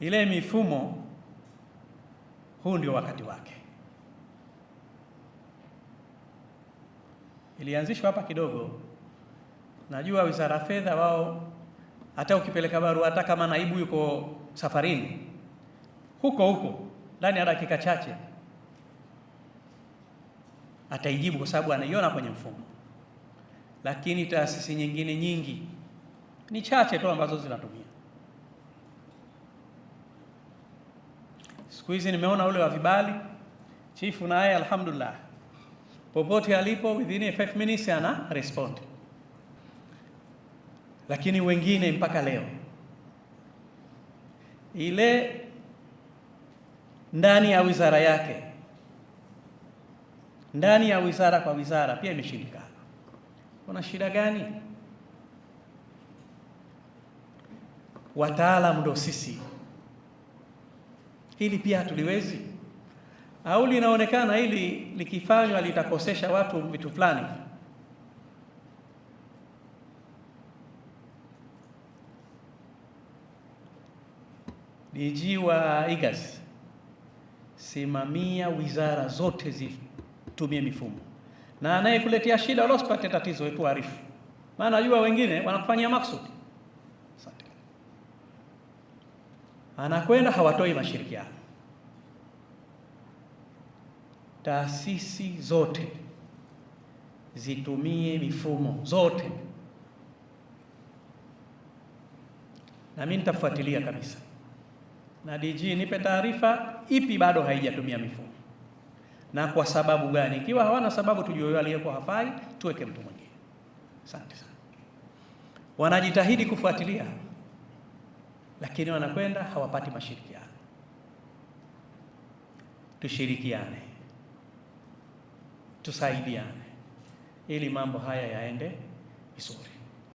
ile mifumo, huu ndio wakati wake. Ilianzishwa hapa kidogo, najua wizara fedha wao, hata ukipeleka barua, hata kama naibu yuko safarini huko huko, ndani ya dakika chache ataijibu kwa sababu anaiona kwenye mfumo. Lakini taasisi nyingine nyingi ni chache tu ambazo zinatumia Siku hizi nimeona ule wa vibali chifu naye, alhamdulillah, popote alipo within 5 minutes ana respond, lakini wengine mpaka leo ile ndani ya wizara yake ndani ya wizara kwa wizara pia imeshindikana. Kuna shida gani? Wataalamu ndio sisi. Hili pia hatuliwezi au linaonekana hili likifanywa litakosesha watu vitu fulani. DG wa IGAS, simamia wizara zote zitumie mifumo, na anayekuletea shida wala tatizo, tuarifu maana jua wengine wanakufanyia maksudi anakwenda hawatoi mashirikiano. Taasisi zote zitumie mifumo zote, na mimi nitafuatilia kabisa, na DG nipe taarifa ipi bado haijatumia mifumo na kwa sababu gani. Ikiwa hawana sababu, tujue aliyekuwa hafai, tuweke mtu mwingine. Asante sana, wanajitahidi kufuatilia lakini wanakwenda hawapati mashirikiano. Tushirikiane, tusaidiane ili mambo haya yaende vizuri.